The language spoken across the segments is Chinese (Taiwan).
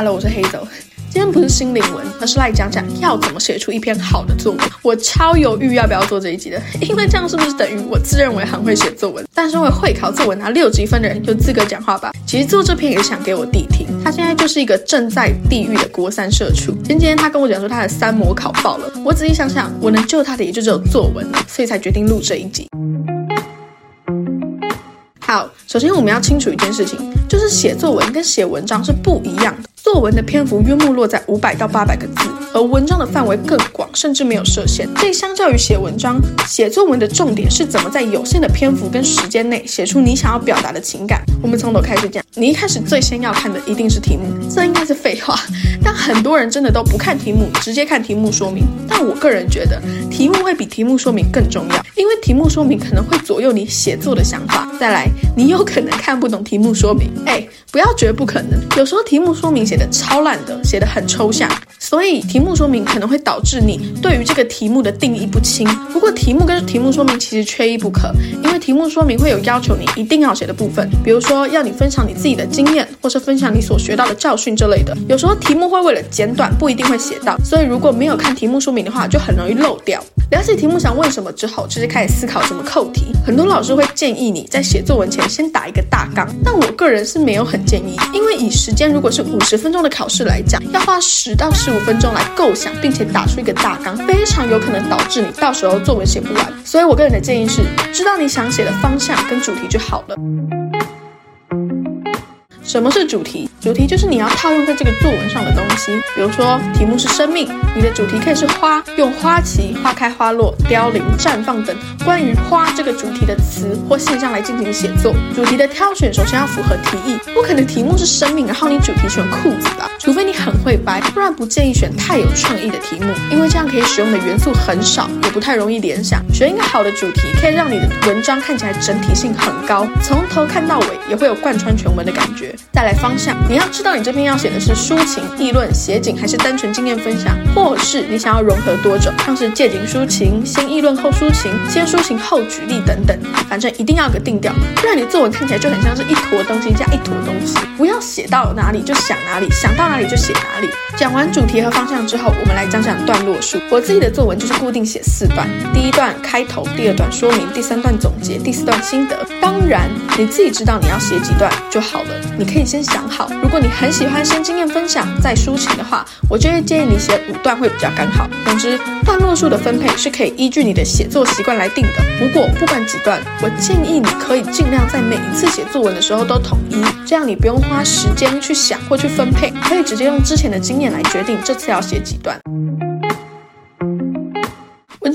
Hello，我是黑走。今天不是心靈文，而是來講講要怎麼寫出一篇好的作文。我超猶豫要不要做這一集的，因為這樣是不是等於我自認為很會寫作文？但是為會考作文拿、啊、六級分的人有資格講話吧？其實做這篇也是想給我弟聽，他現在就是一個正在地獄的國三社畜。前幾天他跟我講說他的三模考爆了，我仔細想想，我能救他的也就只有作文了，所以才決定錄這一集。好，首先我們要清楚一件事情，就是寫作文跟寫文章是不一樣的。作文的篇幅約莫落在五百到八百個字，而文章的範圍更廣，甚至沒有設限。所以相較於寫文章、寫作文的重點是怎麼在有限的篇幅跟時間內寫出你想要表達的情感，我們從頭開始講。你一開始最先要看的一定是題目，這應該是廢話，但很多人真的都不看題目，直接看題目說明。但我個人覺得題目會比題目說明更重要，因為題目說明可能會左右你寫作的想法。再來，你有可能看不懂題目說明，哎，不要覺得不可能，有時候題目說明寫。超爛的，寫的很抽象，所以題目說明可能會導致你對於這個題目的定義不清。不過題目跟題目說明其實缺一不可，因為題目說明會有要求你一定要寫的部分，比如說要你分享你自己的經驗，或是分享你所學到的教訓之類的。有時候題目會為了簡短，不一定會寫到，所以如果沒有看題目說明的話，就很容易漏掉。了解題目想問什麼之後，就是開始思考怎麼扣題。很多老師會建議你在寫作文前先打一個大綱，但我個人是沒有很建議，因為以時間如果是五十分。分鐘的考試來講，要花十到十五分鐘來構想，並且打出一個大綱，非常有可能導致你到時候作文寫不完。所以我個人的建議是，知道你想寫的方向跟主題就好了。什麼是主題？主題就是你要套用在這個作文上的東西。比如說題目是生命，你的主題可以是花，用花期、花開花落、凋零、綻放等關於花這個主題的詞或現象來進行寫作。主題的挑選首先要符合題意，不可能題目是生命，然後你主題選褲子吧，除非你很會掰，不然不建議選太有創意的題目，因為這樣可以使用的元素很少，也不太容易聯想。選一個好的主題，可以讓你的文章看起來整體性很高，從頭看到尾也會有貫穿全文的感覺。再來方向，你要知道你這篇要寫的是抒情、議論、寫景，還是單純經驗分享，或是你想要融合多種，像是借景抒情、先議論後抒情、先抒情後舉例等等，反正一定要有個定調，不然你的作文看起來就很像是一坨東西加一坨東西。不要寫到哪裡就想哪裡，想到哪裡就寫哪裡。講完主題和方向之後，我們來講講段落數。我自己的作文就是固定寫四段，第一段開頭，第二段說明，第三段總結，第四段心得。當然，你自己知道你要寫幾段就好了。你。可以先想好，如果你很喜歡先經驗分享再抒情的話，我就會建議你寫五段會比較剛好。總之，段落數的分配是可以依據你的寫作習慣來定的。不過，不管幾段，我建議你可以盡量在每一次寫作文的時候都統一，這樣你不用花時間去想或去分配，可以直接用之前的經驗來決定這次要寫幾段。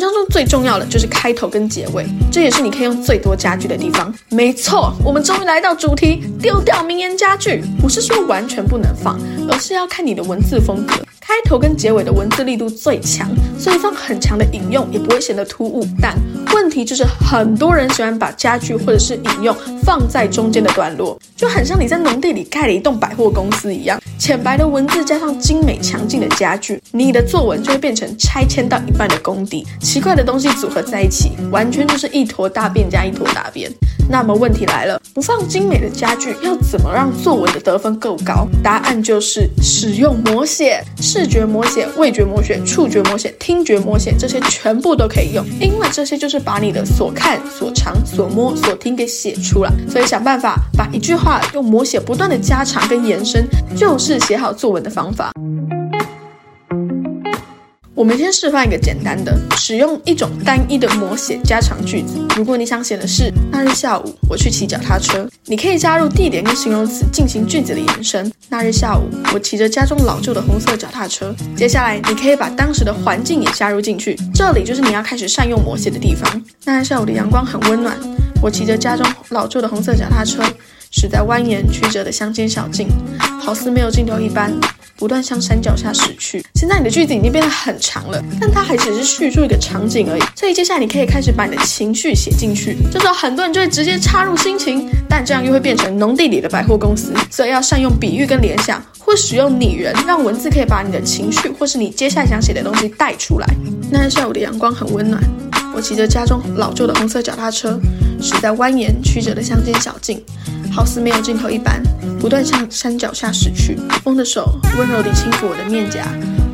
當中最重要的就是開頭跟結尾，這也是你可以用最多佳句的地方。沒錯，我們終於來到主題，丟掉名言佳句。不是說完全不能放，而是要看你的文字風格。開頭跟結尾的文字力度最強，所以放很強的引用也不會顯得突兀。但問題就是，很多人喜歡把佳句或者是引用放在中間的段落，就很像你在農地裡蓋了一棟百貨公司一樣。淺白的文字加上精美強勁的佳句，你的作文就會變成拆遷到一半的工地，奇怪的東西組合在一起，完全就是一坨大便加一坨大便。那麼問題來了。不放精美的家具，要怎麼讓作文的得分夠高？答案就是使用摹寫，視覺摹寫、味覺摹寫、觸覺摹寫、聽覺摹寫，這些全部都可以用。因為這些就是把你的所看、所嘗、所摸、所聽給寫出來，所以想辦法把一句話用摹寫不斷的加長跟延伸，就是寫好作文的方法。我們先示範一個簡單的，使用一種單一的摹寫加長句子。如果你想寫的是那日下午我去騎腳踏車，你可以加入地點跟形容詞進行句子的延伸。那日下午，我騎着家中老舊的紅色腳踏車。接下來，你可以把當時的環境也加入進去。這裡就是你要開始善用摹寫的地方。那日下午的陽光很溫暖，我騎着家中老舊的紅色腳踏車，駛在蜿蜒曲折的鄉間小徑，好似沒有盡頭一般。不斷向山腳下駛去。現在你的句子已經變得很長了，但它還只是敘述一個場景而已。所以接下來你可以開始把你的情緒寫進去。這時候很多人就會直接插入心情，但這樣又會變成農地裡的百貨公司。所以要善用比喻跟聯想，或使用擬人，讓文字可以把你的情緒或是你接下來想寫的東西帶出來。那天下午的陽光很溫暖。我騎着家中老舊的紅色腳踏車，駛在蜿蜒曲折的鄉間小徑，好似沒有盡頭一般，不斷向山腳下駛去。風的手溫柔地輕撫我的面頰，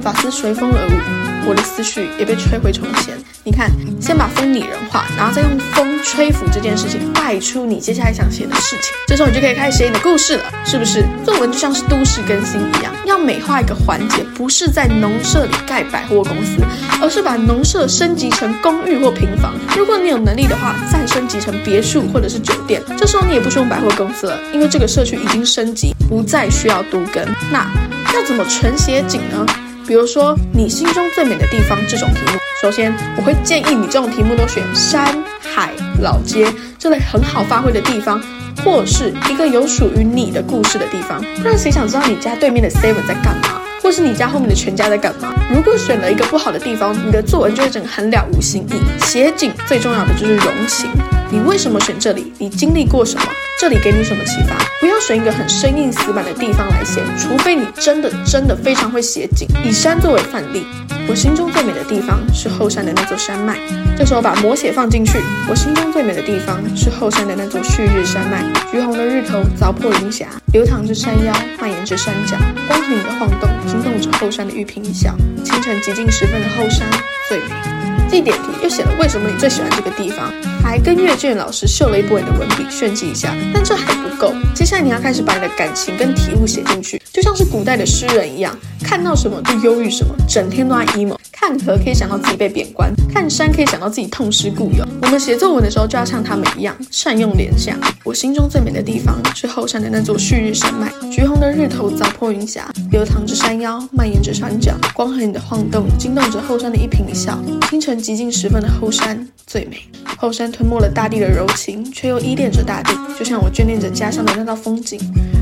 髮絲隨風而舞，我的思緒也被吹回從前。你看，先把風擬人化，然後再用風吹拂這件事情帶出你接下來想寫的事情。這時候你就可以開始寫你的故事了，是不是？作文就像是都市更新一樣，要美化一個環節，不是在農舍裡蓋百貨公司，而是把農舍升級成公寓或平房。如果你有能力的話，再升級成別墅或者是酒店。這時候你也不需要百貨公司了，因為這個社區已經升級，不再需要都更。那要怎麼純寫景呢？比如說，你心中最美的地方這種題目，首先我會建議你這種題目都選山海老街這類很好發揮的地方，或是一個有屬於你的故事的地方。不然誰想知道你家對面的 seven 在幹嘛，或是你家後面的全家在幹嘛？如果選了一個不好的地方，你的作文就會整個很了無新意。寫景最重要的就是融情，你為什麼選這裡？你經歷過什麼？這裡給你什麼啟發？不要選一個很生硬死板的地方來寫，除非你真的真的非常會寫景。以山作為範例，我心中最美的地方是後山的那座山脈。這時候把摹寫放進去，我心中最美的地方是後山的那座旭日山脈。橘紅的日頭鑿破雲霞，流淌至山腰，蔓延至山腳，光和影的晃動驚動着後山的玉屏一笑。清晨寂靜時分的後山，最美。地點題又寫了為什麼你最喜歡這個地方，還跟閱卷老師秀了一波你的文筆，炫技一下。但這還不夠，接下來你要開始把你的感情跟題目寫進去。就像是古代的詩人一樣，看到什麼就憂鬱什麼，整天都在 emo。看河可以想到自己被貶官，看山可以想到自己痛失故友。我們寫作文的時候就要像他們一樣，善用聯想。我心中最美的地方是後山的那座旭日山脈，橘紅的日頭鑿破雲霞，流淌着山腰，蔓延着山腳，光和影的晃動驚動着後山的一顰一笑。清晨寂靜時分的後山最美，後山吞沒了大地的柔情，卻又依戀着大地，就像我眷戀着家鄉的那道風景。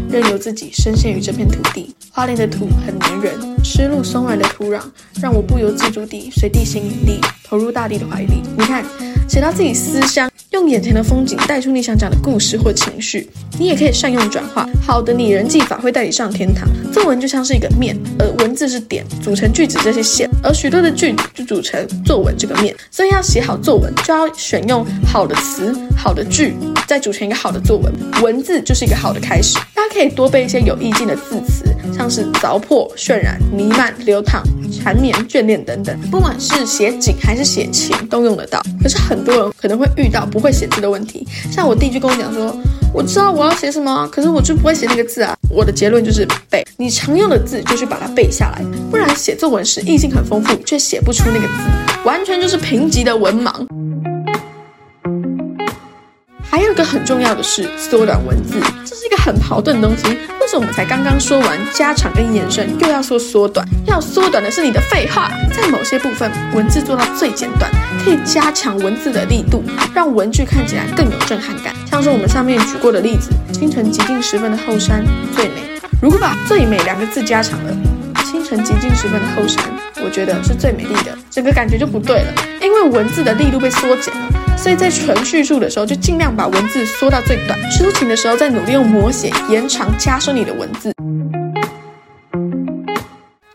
任由自己深陷於這片土地。花蓮的土很黏人，濕漉鬆軟的土壤讓我不由自主地隨地心引力投入大地的懷裡。你看，寫到自己思鄉，用眼前的風景帶出你想講的故事或情緒。你也可以善用轉化，好的擬人技法會帶你上天堂。作文就像是一個面，而文字是點，組成句子這些線，而許多的句子就組成作文這個面。所以要寫好作文，就要選用好的詞，好的句。再組成一個好的作文，文字就是一個好的開始。大家可以多背一些有意境的字詞，像是鑿破、渲染、瀰漫、流淌、纏綿、眷戀等等，不管是寫景還是寫情都用得到。可是很多人可能會遇到不會寫字的問題，像我弟就跟我講說：“我知道我要寫什麼，可是我就不會寫那個字啊。”我的結論就是背，你常用的字就去把它背下來，不然寫作文時意境很豐富，卻寫不出那個字，完全就是貧瘠的文盲。還有一個很重要的是縮短文字，這是一個很矛盾的東西。為什麼我們才剛剛說完加長跟延伸，又要說縮短？要縮短的是你的廢話。在某些部分，文字做到最簡短，可以加強文字的力度，讓文句看起來更有震撼感。像是我們上面舉過的例子，清晨極靜時分的後山最美。如果把最美兩個字加長了，清晨極靜時分的後山，我覺得是最美麗的，整個感覺就不對了，因為文字的力度被縮減了。所以在純敘述的時候，就儘量把文字縮到最短；抒情的時候，再努力用摹寫延長、加深你的文字。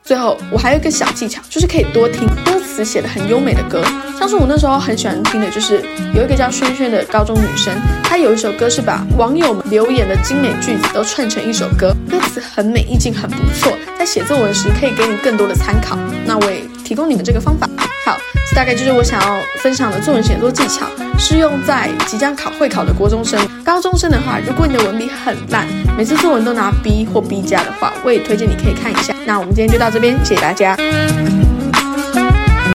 最後，我還有一個小技巧，就是可以多聽歌詞寫得很優美的歌，像是我那時候很喜歡聽的，就是有一個叫萱萱的高中女生，她有一首歌是把網友們留言的精美句子都串成一首歌，歌詞很美，意境很不錯，在寫作文時可以給你更多的參考。那我也。提供你們這個方法，好，大概就是我想要分享的作文寫作技巧，適用在即將考會考的國中生、高中生的話，如果你的文筆很爛，每次作文都拿 B 或 B 加的話，我也推薦你可以看一下。那我們今天就到這邊，謝謝大家。